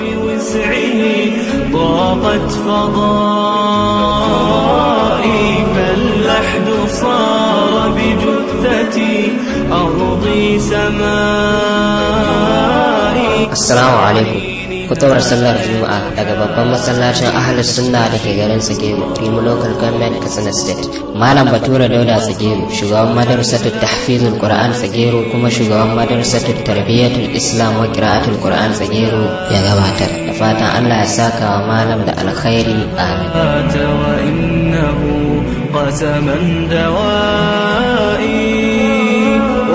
بوسعه ضاقت فضائي فاللحد صار بجثتي أرضي سمائي السلام عليكم kutawar sallar juma'a daga babban masallacin ahalus sunna da ke garin tsagero primo local government katsina state malam batura dauda tsagero shugaban madarsatul tahfizul qur'an tsagero kuma shugaban madarsatul tarbiyatul islam wa qira'atul qur'an tsagero ya gabatar da fatan allah ya saka wa malam da alkhairi amin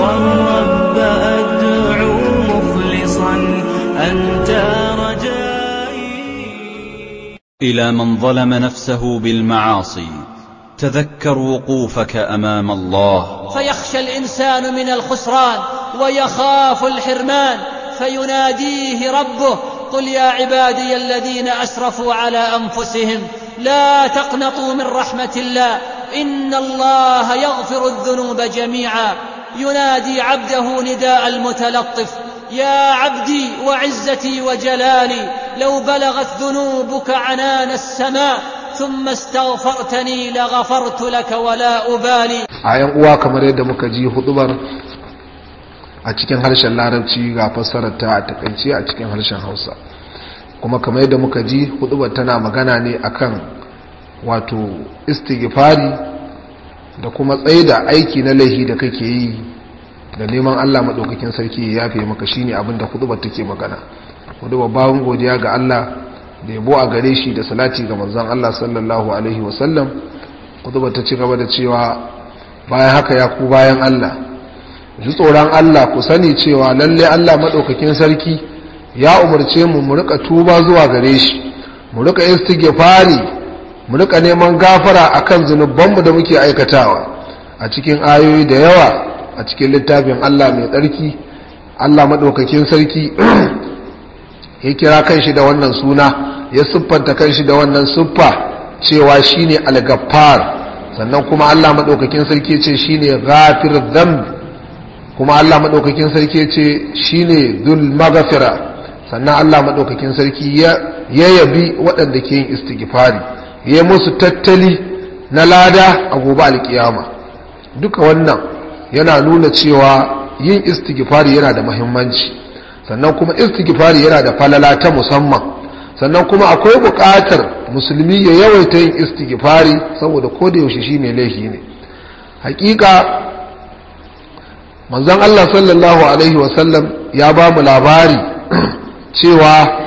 والرب أدعو مخلصا أنت إلى من ظلم نفسه بالمعاصي تذكر وقوفك أمام الله فيخشى الإنسان من الخسران ويخاف الحرمان فيناديه ربه قل يا عبادي الذين أسرفوا على أنفسهم لا تقنطوا من رحمة الله إن الله يغفر الذنوب جميعا ينادي عبده نداء المتلطف يا عبدي وعزتي وجلالي لو بلغت sun عنان السماء ثم استغفرتني لغفرت لك ولا أبالي عين uwa kamar yadda muka ji hudubar a cikin harshen larabci ga fassarar ta a takaice a cikin harshen Hausa kuma kamar yadda muka ji hudubar tana magana ne akan wato istighfari da kuma tsaida aiki na laihi da kake yi da neman Allah maɗaukakin sarki ya yafe maka shine abin da kudubar take magana kudubar bawon godiya ga Allah da yabo a gare shi da salati ga manzon Allah sallallahu alaihi wasallam kudubar ta ci gaba da cewa bayan haka ya ku bayan Allah ji tsoron Allah ku sani cewa lalle Allah maɗaukakin sarki ya umarce mu mu rika tuba zuwa gare shi mu rika istighfari mu rika neman gafara akan mu da muke aikatawa a cikin ayoyi da yawa a cikin littafin Allah mai tsarki Allah maɗaukakin sarki ya kira kanshi da wannan suna ya siffanta kanshi da wannan siffa cewa shine al-ghaffar sannan kuma Allah maɗaukakin sarki ce shine ghafir dhanb kuma Allah maɗaukakin sarki ce shine dhul maghfira sannan Allah maɗaukakin sarki ya yabi waɗanda ke yin istighfari ya musu tattali na lada a gobe alkiyama duka wannan yana nuna cewa yin istighfari yana da muhimmanci sannan kuma istighfari yana da falala ta musamman sannan kuma akwai buƙatar musulmi ya yawaita yin istighfari saboda ko da yaushe shine laifi ne hakika manzon Allah sallallahu alaihi wasallam ya ba mu labari cewa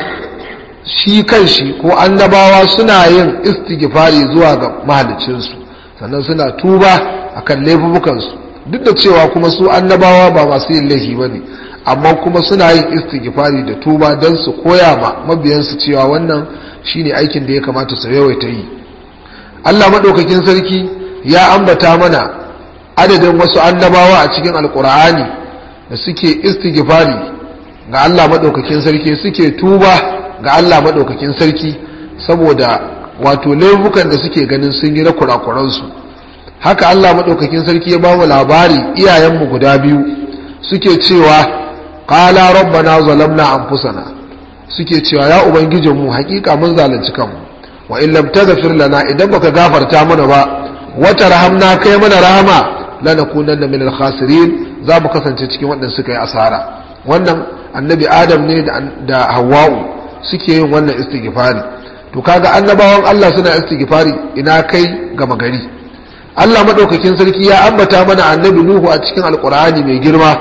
shi kan shi ko annabawa suna yin istighfari zuwa ga mahalicinsu sannan suna tuba akan laifukansu duk da cewa kuma su annabawa ba masu yin laifi ba ne amma kuma suna yin istighfari da tuba don su koya ma mabiyansu cewa wannan shine aikin da ya kamata su yawaita yi Allah maɗaukakin sarki ya ambata mana adadin wasu annabawa a cikin alkur'ani da suke istighfari ga Allah maɗaukakin sarki suke tuba ga Allah maɗaukakin sarki saboda wato laifukan da suke ganin sun yi na kurakuransu haka Allah madaukakin sarki ya ba mu labari iyayenmu guda biyu suke cewa qala rabbana zalamna anfusana suke cewa ya ubangijinmu hakika mun zalunci kanmu wa illam tazfir lana idan baka gafarta mana ba wa tarhamna kai mana rahama lanakunanna min al-khasirin za mu kasance cikin waɗanda suka yi asara wannan annabi adam ne da hawa'u suke yin wannan istighfari to kaga annabawan Allah suna istighfari ina kai gama gari Allah madaukakin sarki ya ambata mana annabi Nuhu a cikin alkur'ani mai girma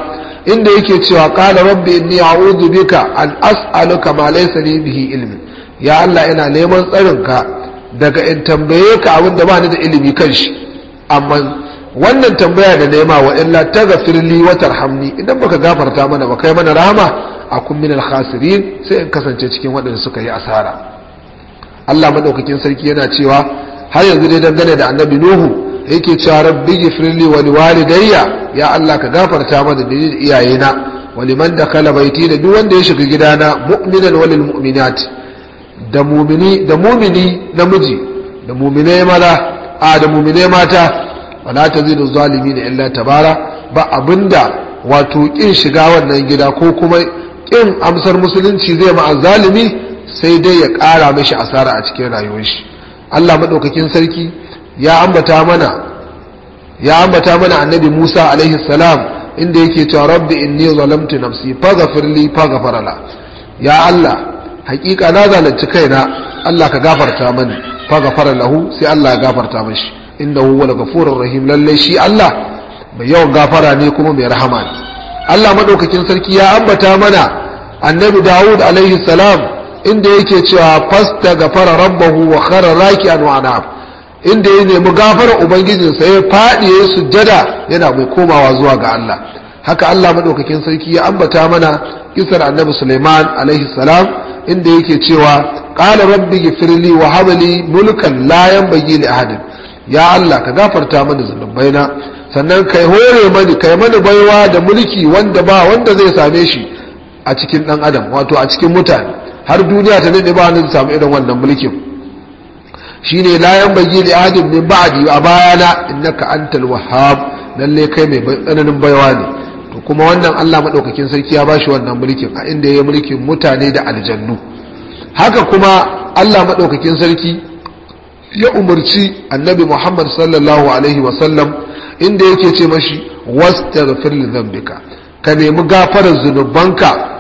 inda yake cewa qala rabbi inni a'udhu bika an as'aluka ma laysa li bihi ilmi ya Allah ina neman tsarinka daga in tambaye ka abin da ba ni da ilimi kan shi amma wannan tambaya da nema wa illa taghfir wa tarhamni idan baka gafarta mana ba kai mana rahama akun min alkhasirin sai in kasance cikin waɗanda suka yi asara Allah madaukakin sarki yana cewa har yanzu dai dangane da annabi Nuhu yake cewa rabbi gifirli wa liwalidayya ya Allah ka gafarta mana da iyayena wa liman dakhala baiti da duk wanda ya shiga gidana mu'minan wal mu'minat da mu'mini da mu'mini namiji da mu'mine maza a da mu'mine mata wala tazidu zalimin illa tabara ba abinda wato kin shiga wannan gida ko kuma kin amsar musulunci zai ma zalimi sai dai ya kara mishi asara a cikin rayuwar shi Allah madaukakin sarki ya ambata mana ya ambata mana annabi Musa alaihi salam inda yake cewa rabbi inni zalamtu nafsi faghfir li ya Allah hakika na zalunci kaina Allah ka gafarta mani faghfara lahu sai Allah ya gafarta mishi huwa wal ghafurur rahim lalle shi Allah mai yawan gafara ne kuma mai rahama ne Allah madaukakin sarki ya ambata mana annabi Dawud alaihi salam inda yake cewa fasta gafara rabbahu wa khara raki'an wa anab inda ya nemi gafarar ubangijinsa ya faɗi ya sujjada yana mai komawa zuwa ga Allah haka Allah madaukakin sarki ya ambata mana kisar annabi Sulaiman alaihi salam inda yake cewa qala rabbi ghfirli wa hab mulkan la yanbaghi li ahad ya Allah ka gafarta mani zulubaina sannan kai hore mani kai mani baiwa da mulki wanda ba wanda zai same shi a cikin dan adam wato a cikin mutane har duniya ta dade ba ni samu irin wannan mulkin shine la yanbaghi li ahadin min ba'di a baya bayana innaka antal wahhab lalle kai mai tsananin baiwa ne to kuma wannan Allah madaukakin sarki ya bashi wannan mulkin a inda yayi mulkin mutane da aljannu haka kuma Allah madaukakin sarki ya umarci annabi Muhammad sallallahu alaihi wa sallam inda yake ce mashi wastaghfir li dhanbika ka nemi gafarar zunubanka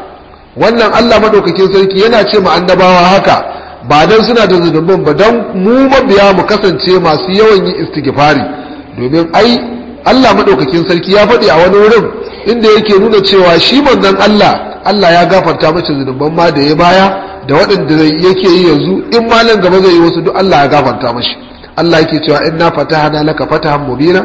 wannan Allah madaukakin sarki yana ce ma annabawa haka ba dan suna da zunubin ba don mu mabiya mu kasance masu yawan yi istighfari domin ai Allah madaukakin sarki ya faɗi a wani wurin inda yake nuna cewa shi manzon Allah Allah ya gafarta mace zunuban ma da ya baya da waɗanda yake yi yanzu in malam gaba zai yi wasu duk Allah ya gafarta mashi Allah yake cewa inna fatahna laka fatahan mubina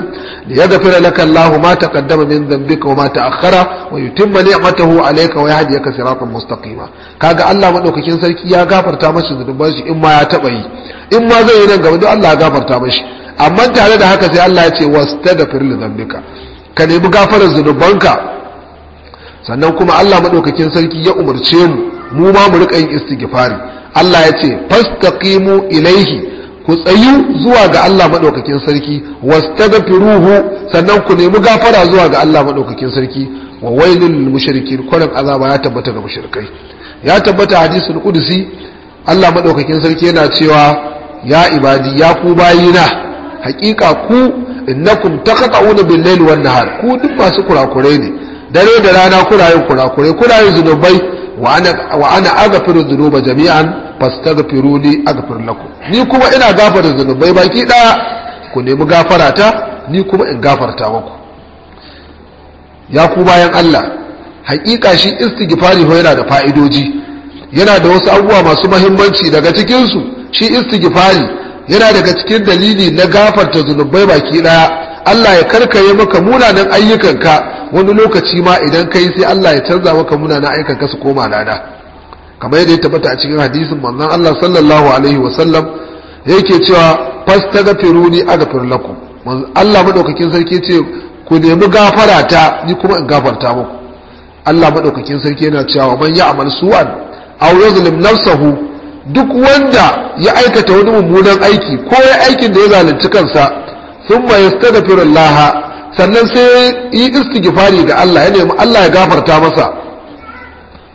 liyaghfira laka Allahu ma taqaddama min dhanbika wa ma ta'akhkhara wa yutimma ni'matahu alayka wa yahdiyaka siratan mustaqima kaga Allah madaukakin sarki ya gafarta mashi zunuban shi in ma ya taba yi in ma zai yi nan gaba duk Allah ya gafarta mashi amma tare da haka sai Allah ya ce wastaghfir li dhanbika ka nemi gafarar zunubanka sannan kuma Allah madaukakin sarki ya umarce mu mu ma mu rika yin istighfari Allah ya ce fastaqimu ilaihi ku tsayu zuwa ga Allah madaukakin sarki ruhu sannan ku nemi gafara zuwa ga Allah madaukakin sarki wa wailul mushrikin kwarin azaba ya tabbata ga mushrikai ya tabbata hadisul qudsi Allah madaukakin sarki yana cewa ya ibadi ya ku bayina hakika ku innakum taqta'una bil layli wan nahar ku duk masu kurakurai ne dare da rana kurayen kurakure kurayen zunubai wa ana agafiru zunuba jami'an fastaghfiru li aghfir lakum ni kuma ina gafara zunubai baki ɗaya, ku nemi gafara ta ni kuma in gafarta muku ya ku bayan Allah haƙiƙa shi istighfari ho yana da fa'idoji yana da wasu abubuwa masu mahimmanci daga cikin su shi istighfari yana daga cikin dalili na gafarta zunubai baki ɗaya. Allah ya karkaye maka munanan ayyukanka wani lokaci ma idan kai sai Allah ya canza maka munanan ayyukanka su koma lada kamar yadda ya tabbata a cikin hadisin manzon Allah sallallahu alaihi wa sallam yake cewa fastaghfiruni aghfir lakum Allah madaukakin sarki ce ku nemi gafara ta ni kuma in gafarta muku Allah madaukakin sarki yana cewa man ya'mal su'an aw yuzlim nafsahu duk wanda ya aikata wani mummunan aiki ko ya aikin da ya zalunci kansa thumma yastaghfirullah sannan sai yi istighfari ga Allah ya nemi Allah ya gafarta masa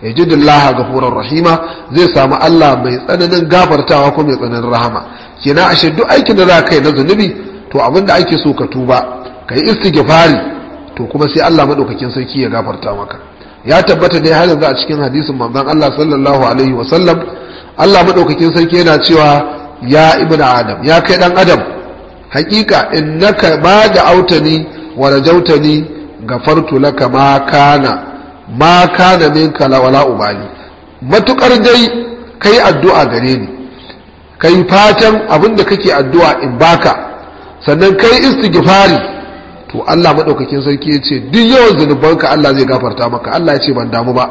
ga ghafurar rahima zai samu Allah mai tsananin gafartawa ko mai tsananin rahama kina ashe duk aikin da za ka yi na zunubi to abinda da ake so ka tuba ka yi istighfari to kuma sai Allah madaukakin sarki ya gafarta maka ya tabbata dai har yanzu a cikin hadisin manzon Allah sallallahu alaihi wa sallam Allah madaukakin sarki yana cewa ya ibnu adam ya kai dan adam haƙiƙa in ka ba da autani wa rajautani gafartu laka ma kana ma kana min minka lawala ubali matukar dai kai addu'a gare ni kai fatan abinda kake addu'a in baka sannan kai istighfari to Allah madaukakin sarki ya ce duk yawan zunubanka Allah zai gafarta maka Allah ya ce ban damu ba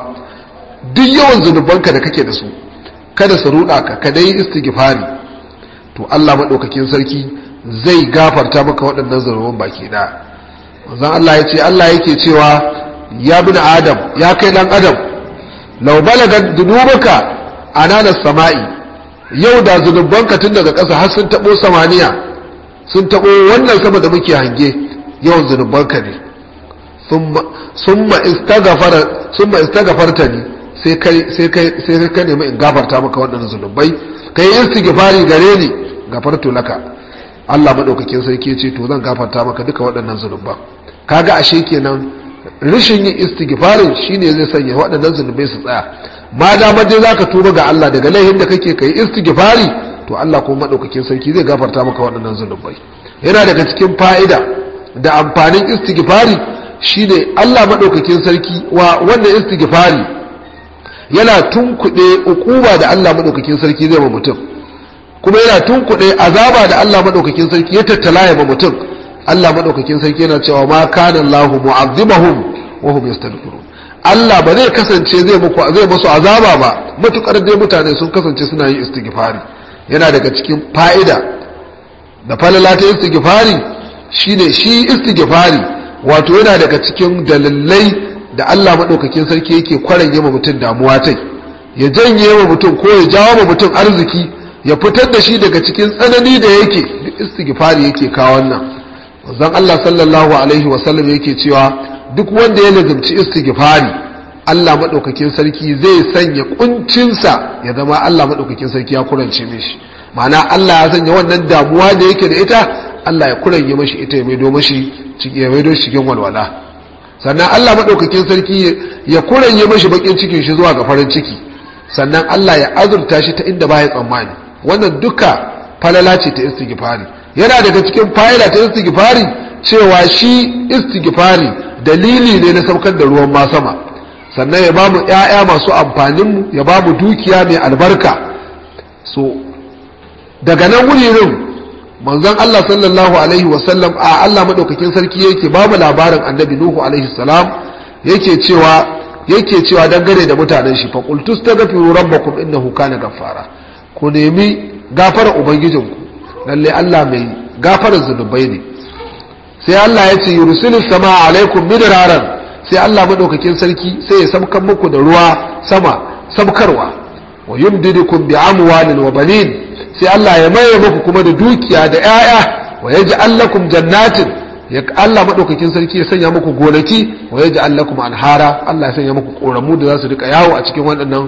duk yawan zunubanka da kake da su kada su ruɗa ka ka dai istighfari to Allah madaukakin sarki zai gafarta maka waɗannan zanuban baki na. wanzan Allah ya ce Allah yake cewa ya bin adam ya kai ɗan adam lau balagan a nanar sama'i yau da zunubanka tun daga ƙasa har sun taɓo samaniya sun taɓo wannan sama da muke hange yawan zunubanka ne Sun ista gafarta ne sai kai ka nemi in gafarta maka waɗannan zunubai ka yi istighfari gare ni gafarta laka Allah maɗaukakin sarki ce to zan gafarta maka duka waɗannan zunuba kaga ashe kenan rishin yin istighfarin shine zai sanya waɗannan zunubai su tsaya ma da maje zaka tuba ga Allah daga laihin da kake kai istighfari to Allah kuma maɗaukakin sarki zai gafarta maka waɗannan zunubai yana daga cikin fa'ida da amfanin istighfari shine Allah maɗaukakin sarki wa wannan istighfari yana tunkuɗe ukuba da Allah maɗaukakin sarki zai wa mutum kuma yana tunkuɗe azaba da Allah maɗaukakin sarki ya tattala ya mutum Allah madaukakin sarki yana cewa ma kana Allah mu'azzibahum wa hum yastaghfirun Allah ba zai kasance zai muku zai musu azaba ba matukar dai mutane sun kasance suna yin istighfari yana daga cikin fa'ida da falala ta istighfari shine shi istighfari wato yana daga cikin dalilai da Allah maɗaukakin sarki yake kwaran ma mutum damuwa tai ya janye wa mutum ko ya jawo ma mutum arziki ya fitar da shi daga cikin tsanani da yake da istighfari yake kawo nan zan Allah sallallahu alaihi wasallam yake cewa duk wanda ya lazumci istighfari Allah madaukakin sarki zai sanya kuncinsa ya zama Allah madaukakin sarki ya kurance mishi ma'ana Allah ya sanya wannan damuwa da yake da ita Allah ya kuranye mishi ita ya maido ya maido shi cikin walwala sannan Allah madaukakin sarki ya kuranye mishi bakin cikin shi zuwa ga farin ciki sannan Allah ya azurta shi ta inda ba ya tsammani wannan duka falala ce ta istighfari yana daga cikin fa'ila ta istighfari cewa shi istighfari dalili ne na saukar da ruwan ma sama sannan ya bamu ƴaƴa masu amfanin mu ya bamu dukiya mai albarka so daga nan wuri wurin manzon Allah sallallahu alaihi wasallam a Allah madaukakin sarki yake bamu labarin annabi Nuhu alaihi salam yake cewa yake cewa dangane da mutanen shi fa qultus bakun rabbakum innahu kana ghaffara ku nemi gafara ubangijinku lalle Allah mai gafara zunubai ne sai Allah ya ce yursilu sama alaikum midraran sai Allah madaukakin sarki sai ya samkan muku da ruwa sama samkarwa wa yumdidukum bi amwalin wa banin sai Allah ya maye muku kuma da dukiya da yaya wa yaj'al lakum jannatin ya Allah madaukakin sarki ya sanya muku gonaki wa yaj'al lakum anhara Allah ya sanya muku koramu da za su rika yawo a cikin waɗannan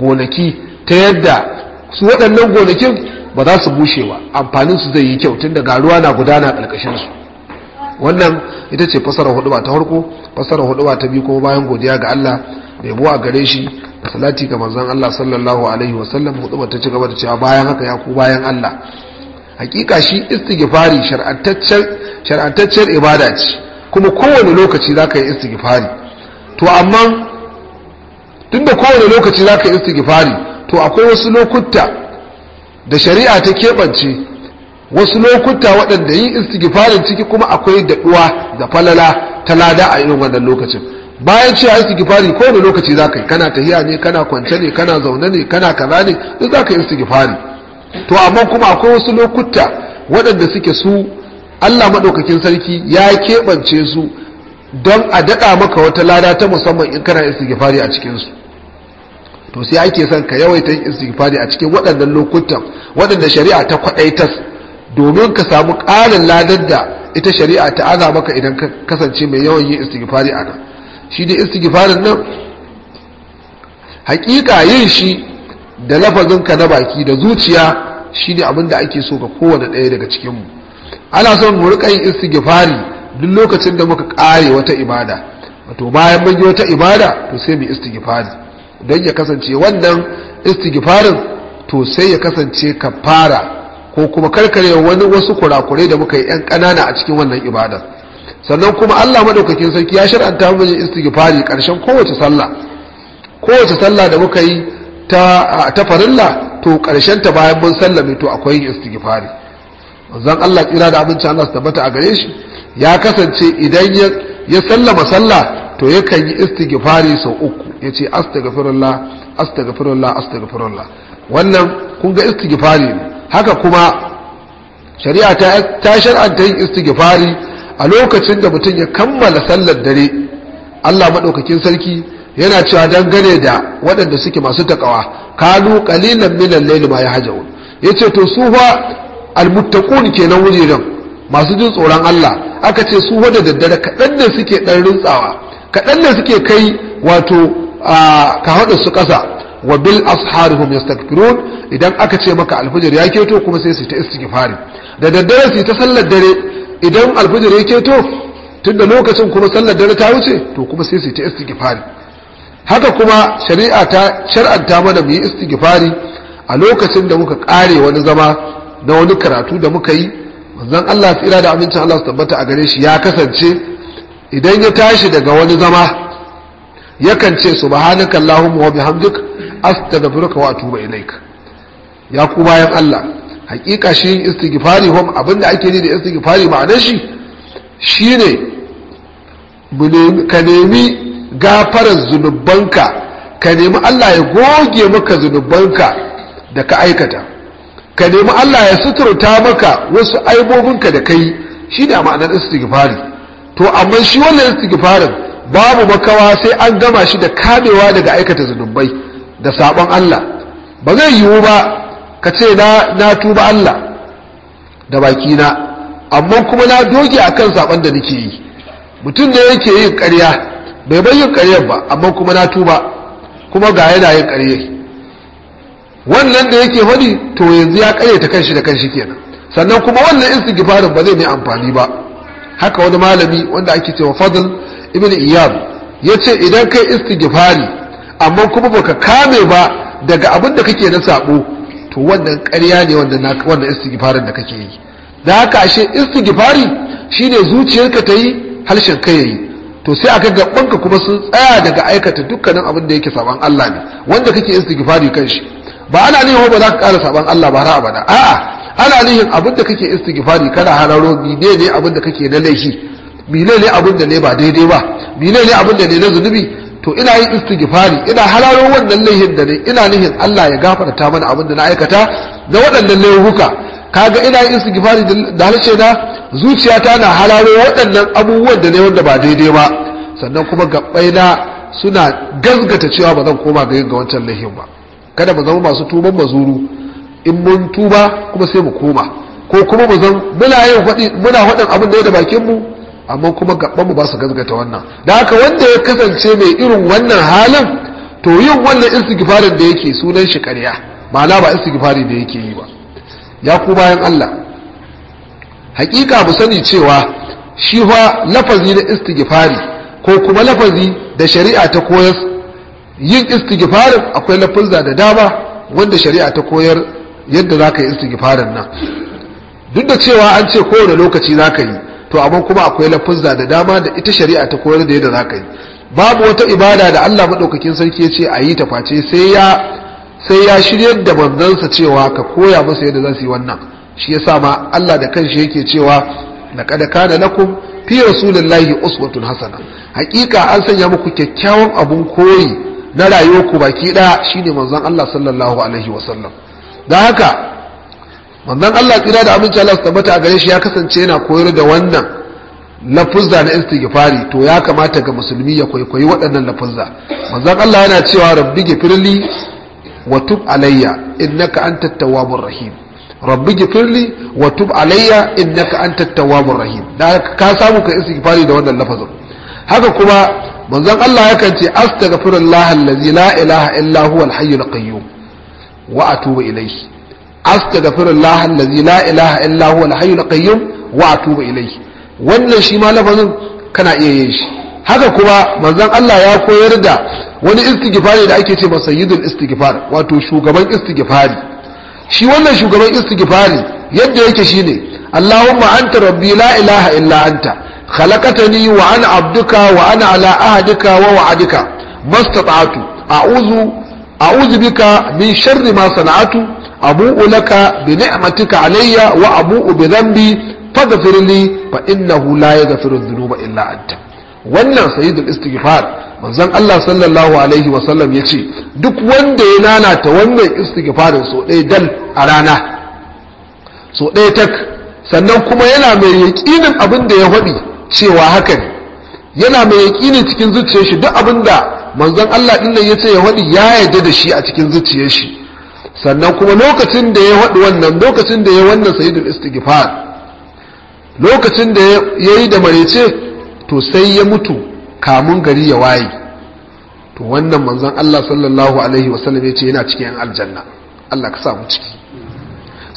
gonaki ta yadda su waɗannan gonakin ba za su bushe ba amfanin su zai yi kyau tun daga ruwa na gudana ƙarƙashin su wannan ita ce fasara huduba ta harko fasara huduba ta biyu kuma bayan godiya ga Allah mai a gare shi da salati ga manzon Allah sallallahu alaihi wa sallam, huduba ta ci gaba da cewa bayan haka ya ku bayan Allah hakika shi istighfari shar'attaccen shar'attaccen ibada ce kuma kowane lokaci zaka yi istighfari to amma tunda kowane lokaci zaka yi istighfari to akwai wasu lokuta da shari'a ta keɓance wasu lokuta waɗanda yi istigifarin ciki kuma akwai daɗuwa da falala ta lada a irin wannan lokacin bayan cewa ko kowane lokaci za ka yi kana tahiya ne kana kwance ne kana zaune ne kana kaza ne duk za ka yi istigifari to amma kuma akwai wasu lokuta waɗanda suke su Allah maɗaukakin sarki ya keɓance su don a daɗa maka wata lada ta musamman in kana istigifari a cikinsu to sai ake son ka yawaita yin istighfari a cikin waɗannan lokutan waɗanda shari'a ta kwadaitas domin ka samu ƙarin ladar da ita shari'a ta ana maka idan ka kasance mai yawan yin istighfari a nan shi da istighfarin nan hakika yin shi da lafazin ka na baki da zuciya shine abin da ake so ga kowane ɗaya daga cikin mu ana son mu riƙa yin istighfari duk lokacin da muka ƙare wata ibada wato bayan mun yi wata ibada to sai mu istighfari don ya kasance wannan istighfarin to sai ya kasance ka fara ko kuma karkare wani wasu kurakurai da muka yi yan kanana a cikin wannan ibadar sannan kuma Allah madaukakin sarki ya shar'anta mu yin istighfari ƙarshen kowace sallah kowace sallah da muka yi ta ta farilla to ƙarshen ta bayan mun sallame to akwai yin istighfari manzon Allah kira da abinci Allah su tabbata a gare shi ya kasance idan ya sallama sallah to yakan yi istighfari sau uku yace astaghfirullah astaghfirullah astaghfirullah wannan kun ga istighfari ne haka kuma shari'a ta ta shar'anta yin istighfari a lokacin da mutum ya kammala sallar dare Allah madaukakin sarki yana cewa dangane da waɗanda suke masu takawa kanu qalilan min al-layli ma yahjaun yace to su fa almuttaqun kenan wuri nan masu jin tsoron Allah aka ce su wadda daddare kaɗan ne suke ɗan rintsawa kaɗan ne suke kai wato ka haɗu su ƙasa wa bil asharihum yastakbirun idan aka ce maka alfijir ya keto kuma sai su ta istighfari da daddare su ta sallar dare idan alfijir ya keto tunda lokacin kuma sallar dare ta wuce to kuma sai su ta istighfari haka kuma shari'a ta shar'anta mana mu yi istighfari a lokacin da muka ƙare wani zama na wani karatu da muka yi manzon Allah tsira da amincin Allah su tabbata a gare shi ya kasance idan ya tashi daga wani zama yakan ce subhanaka allahumma wa bihamdik astaghfiruka wa atubu ilaik ya ku bayan Allah hakika shi yin istighfari hom abinda ake yi da istighfari ma'anar shi shine ka nemi gafarar zunubanka ka nemi Allah ya goge maka zunubanka da ka aikata ka nemi Allah ya suturta maka wasu aibobinka da kai shi a ma'anar istighfari to amma shi wannan istighfarin babu makawa sai an gama shi da kamewa daga aikata zunubai da sabon Allah ba zai yiwu ba ka ce na na tuba Allah da baki na amma kuma na doge akan sabon da nake yi mutum da yake yin ƙarya bai bai yin ƙaryar ba amma kuma na tuba kuma ga yana yin ƙarya wannan da yake faɗi to yanzu ya ƙaryata kanshi da kanshi kenan sannan kuma wannan istighfarin ba zai mai amfani ba haka wani malami wanda ake cewa fadl ibn ya yace idan kai istighfari amma kuma baka kame ba daga abin da kake na sabo to wannan ƙarya ne wannan wanda istighfarin da kake yi da haka ashe istighfari shine zuciyarka ta yi harshen kai yayi to sai aka gabanka kuma sun tsaya daga aikata dukkanin abin da yake saban Allah ne wanda kake istighfari kan ba ana ne ba za ka ƙara saban Allah ba har abada a'a ana nihin abinda da kake istighfari kana hararo mine ne abinda da kake na laifi mine ne abinda da ne ba daidai ba mine ne abinda da ne na zunubi to ina yin istighfari ina hararo wannan laihin da ne ina nihin Allah ya gafarta mana abinda da na aikata da waɗannan laihuka kaga ina yin istighfari da harshe na zuciyata na hararo waɗannan abubuwan da ne wanda ba daidai ba sannan kuma gabbai na suna gazgata cewa ba zan koma ga yin ga wancan laihin ba kada mu zama masu tuban mazuru in mun tuba kuma sai mu koma ko kuma mu zan muna yin faɗi muna faɗin abin da ya bakin mu amma kuma gaban mu ba su gazgata wannan da haka wanda ya kasance mai irin wannan halin to yin wannan istighfarin da yake sunan shi ƙarya ma'ana ba istighfari da yake yi ba ya ku bayan Allah hakika mu sani cewa shi fa lafazi na istighfari ko kuma lafazi da shari'a ta koyar yin istighfarin akwai lafazza da dama wanda shari'a ta koyar yadda za ka yi istighfarin nan duk da cewa an ce kowane lokaci za ka yi to amma kuma akwai lafuzza da dama da ita shari'a ta koyar da yadda za ka yi babu wata ibada da Allah maɗaukakin sarki ya ce a yi ta face sai ya sai ya shiryar da manzansa cewa ka koya masa yadda za su yi wannan shi yasa ma Allah da kanshi yake cewa na kada kana lakum fi rasulillahi uswatun hasana hakika an sanya muku kyakkyawan abun koyi na rayuwarku baki ɗaya shine manzon Allah sallallahu alaihi wasallam don haka wannan Allah tsira da aminci Allah su tabbata a gare shi ya kasance yana koyar da wannan lafuzza na istighfari to ya kamata ga musulmi ya kwaikwayi waɗannan lafuzza manzon Allah yana cewa rabbi gifirli wa tub alayya innaka antat tawwabur rahim rabbi gifirli wa tub alayya innaka antat tawwabur rahim da ka samu ka istighfari da wannan lafazin haka kuma manzon Allah yakan ce astaghfirullah allazi la ilaha illa huwal hayyul qayyum wa atubu ilayhi astaghfirullah allazi la ilaha illa huwa al-hayyul qayyum wa wannan shi ma lafazin kana iya yin shi haka kuma manzon Allah ya koyar da wani istighfari da ake ce ma sayyidul istighfar wato shugaban istighfari shi wannan shugaban istighfari yadda yake shine Allahumma anta rabbi la ilaha illa anta khalaqtani wa ana abduka wa ana ala ahdika wa wa'adika mastata'tu a'udhu a'udhu bika min sharri ma sana'atu abu'u laka bi ni'matika alayya wa abu'u bi dhanbi faghfir li fa innahu la yaghfiru dhunuba illa wannan istighfar manzon Allah sallallahu alaihi wa sallam yace duk wanda ya nanata wannan istighfarin so ɗaya dal a rana so ɗaya tak sannan kuma yana mai yaƙinin abin da ya faɗi cewa haka ne yana mai yaƙini cikin zuciyar shi duk abin da manzon Allah din nan yace ya wadi ya yadda da shi a cikin zuciyar shi sannan kuma lokacin da ya wadi wannan lokacin da ya wannan sayyidul istighfar lokacin da ya yi da marece to sai ya mutu kamun gari ya waye to wannan manzon Allah sallallahu alaihi wasallam yace yana cikin aljanna Allah ka sa mu ciki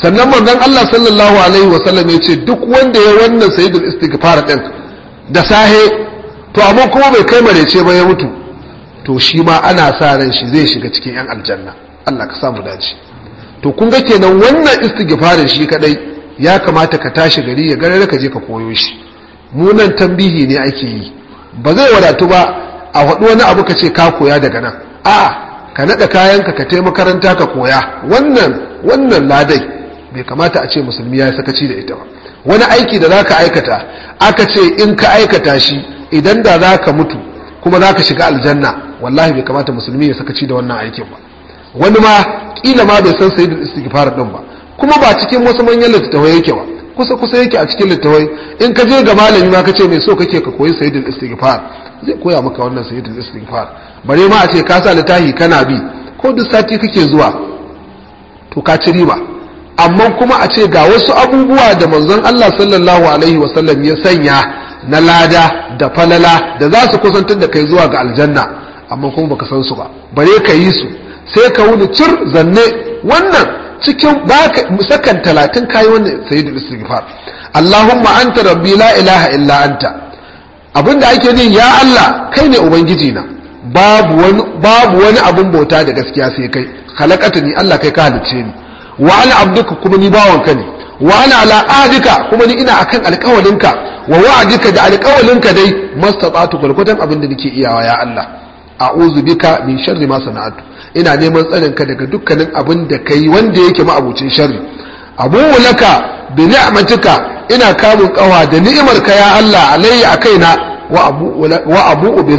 sannan manzon Allah sallallahu alaihi wasallam yace duk wanda ya wannan sayyidul istighfar din da sahe to amma kuma bai kai marece ba ya mutu to shi ma ana sa ran shi zai shiga cikin yan aljanna Allah ka samu dace to kun ga kenan wannan istighfarin shi kadai ya kamata ka tashi gari ya gare ka je ka koyo shi munan tambihi ne ake yi ba zai wadatu ba a hudu wani abu ka ce ka koya daga nan a'a ka naɗa kayan ka ka taimaka makaranta ka koya wannan wannan ladai bai kamata a ce musulmi ya sakaci da ita ba wani aiki da zaka aikata aka ce in ka aikata shi idan da zaka mutu kuma zaka shiga aljanna wallahi bai kamata musulmi ya saka ci da wannan aikin ba wani ma kila ma bai san sai da istighfar din ba kuma ba cikin wasu manyan littattafai yake ba kusa kusa yake a cikin littattafai in ka je ga malami ma ka ce mai so kake ka koyi sayyidul istighfar zai koya maka wannan sayyidul istighfar bare ma a ce ka sa littafi kana bi ko duk sati kake zuwa to ka ci riba amma kuma a ce ga wasu abubuwa da manzon Allah sallallahu alaihi wasallam ya sanya na lada da falala da za su kusantar da kai zuwa ga aljanna amma kuma baka san su ba bare ka yi su sai ka wuni cir zanne wannan cikin baka sakan talatin kayi wannan sayyidul istighfar Allahumma anta rabbi la ilaha illa anta abinda ake ni ya Allah kai ne ubangiji na babu wani babu wani abin bauta da gaskiya sai kai khalaqatni Allah kai ka halice ni wa ana abduka kuma ni bawanka ne wa ana ala ahdika kuma ni ina akan ka, wa wa'adika da ka dai mastata'tu abin da nake iyawa ya Allah a'udhu bika min sharri ma sana'atu ina neman tsarin ka daga dukkanin abin da kai wanda yake ma'abucin sharri abu laka bi ni'matika ina kamun kawa da ni'imar ka ya Allah alayya akaina wa abu wa abu bi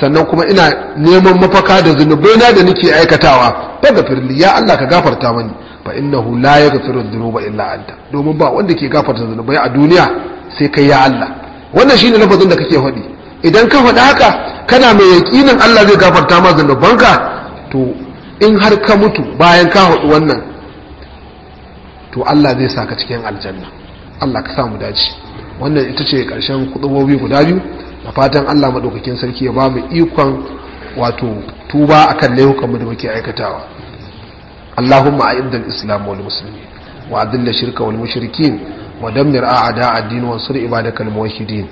sannan kuma ina neman mafaka da na da nake aikatawa daga firli ya Allah ka gafarta mani fa innahu la yaghfiru dhunuba illa anta domin ba wanda ke gafarta zunubai a duniya sai kai ya Allah wannan shine lafazin da kake faɗi idan ka faɗi haka kana mai yaƙinin Allah zai gafarta ma zunubanka to in har ka mutu bayan ka haɗu wannan to Allah zai sa ka cikin aljanna Allah ka samu dace wannan ita ce ƙarshen kudubobi guda biyu da fatan Allah maɗaukakin sarki ya ba mu ikon wato tuba akan laifukanmu da muke aikatawa Allahumma a'id al-islam wal muslimin wa adilla shirka wal mushrikin ودمر أعداء الدين وانصر عبادك الموحدين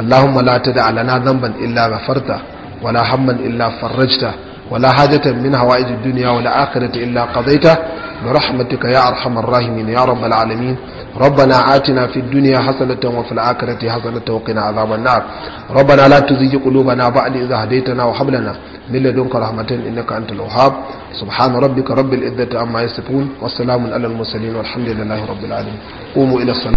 اللهم لا تدع لنا ذنبا إلا غفرته ولا هما إلا فرجته ولا حاجة من هوائج الدنيا والآخرة إلا قضيته برحمتك يا أرحم الراحمين يا رب العالمين ربنا آتنا في الدنيا حسنة وفي الآخرة حسنة وقنا عذاب النار ربنا لا تزيج قلوبنا بعد إذا هديتنا وهب لنا من لدنك رحمة إنك أنت الوهاب سبحان ربك رب العزة عما يصفون والسلام على المرسلين والحمد لله رب العالمين قوموا إلى الصلاة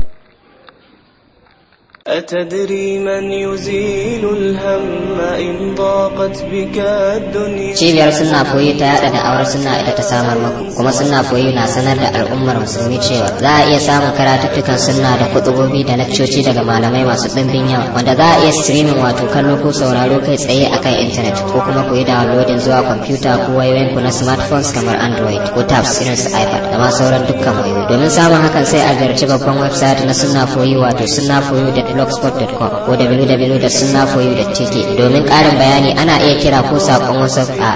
أتدري من يزيل الهم إن ضاقت بك الدنيا cibiyar sunna koyi ta yada da awar suna ita ta samar maku kuma sunna na sanar da al'ummar musulmi cewa za a iya samun karatuttukan sunna da kutubobi da lakcoci daga malamai masu ɗimbin yawa wanda za a iya streaming wato kallo ko sauraro kai tsaye akan intanet ko kuma koyi downloading zuwa kwamfuta ko wayoyin ku na smartphones kamar android ko tabs irin su ipad da sauran dukkan wayoyi domin samun hakan sai a ziyarci babban website na sunna koyi wato sunna koyi da blogspot.com ko www.sunnafoyu.tk domin ƙarin bayani ana iya kira ko saƙon WhatsApp a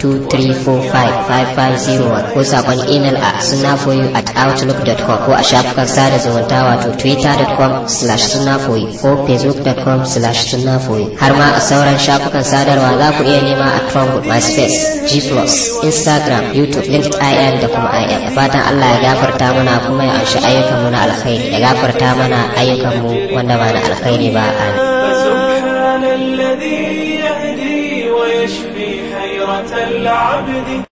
09023455501 ko saƙon email a sunnafoyu at outlook.com ko a shafukan sada zumunta wato twitter.com slash sunnafoyu ko facebook.com slash sunnafoyu har ma a sauran shafukan sadarwa za ku iya nema a trump MySpace, G+, Instagram, YouTube, LinkedIn da kuma IM. Fatan Allah ya gafarta mana kuma ya anshi ayyukanmu na alkhairi ya gafarta mana ayyukan وفقه ونفعنا على خير الذي يهدي ويشفي حيرة العبد